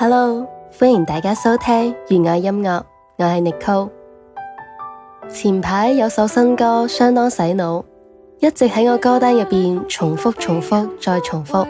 Hello，歡迎大家收聽粵愛音樂，我係 Nichole。前排有首新歌相當洗腦，一直喺我歌單入邊重複重複再重複，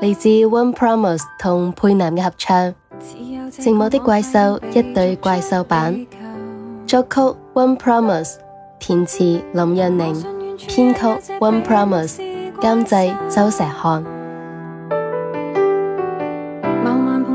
嚟自 One Promise 同佩男嘅合唱《寂寞的怪獸》一對怪獸版，作曲 One Promise，填詞林若寧，編曲 One Promise，監製周錫漢。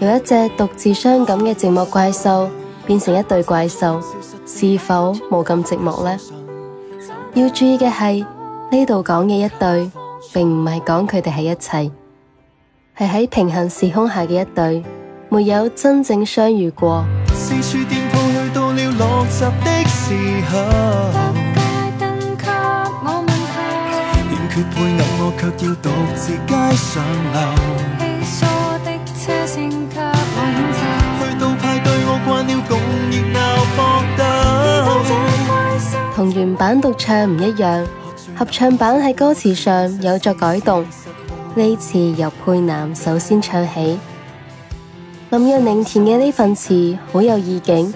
由一隻獨自傷感嘅寂寞怪獸變成一對怪獸，是否冇咁寂寞呢？要注意嘅係呢度講嘅一對，並唔係講佢哋係一齊，係喺平行時空下嘅一對，沒有真正相遇過。同原版獨唱唔一樣，合唱版喺歌詞上有咗改動。呢次由佩男首先唱起，林若寧填嘅呢份詞好有意境，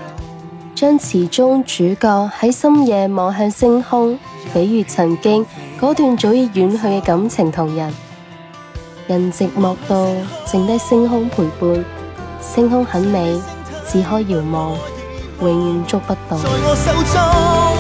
將詞中主角喺深夜望向星空，比喻曾經嗰段早已遠去嘅感情同人，人寂寞到剩低星空陪伴，星空很美，只可遙望，永遠觸不到。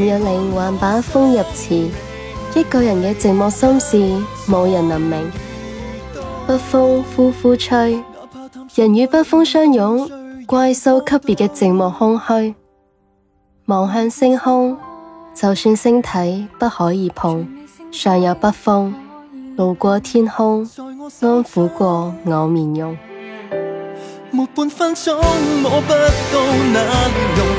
林若寧還把風入詞，一個人嘅寂寞心事，冇人能明。北風呼呼吹，人與北風相擁，怪獸級別嘅寂寞空虛。望向星空，就算星體不可以碰，尚有北風路過天空，安撫過我面容。沒半分鐘摸不到那面容。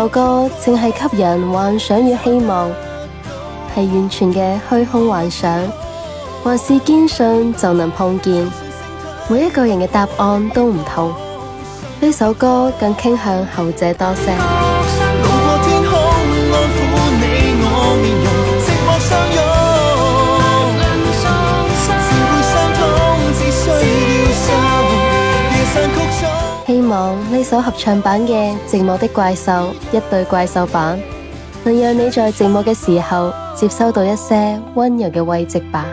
首歌正係給人幻想與希望，係完全嘅虛空幻想，還是堅信就能碰見？每一個人嘅答案都唔同，呢首歌更傾向後者多些。希望呢首合唱版嘅《寂寞的怪獸》，一對怪獸版，能讓你在寂寞嘅時候接收到一些温柔嘅慰藉吧。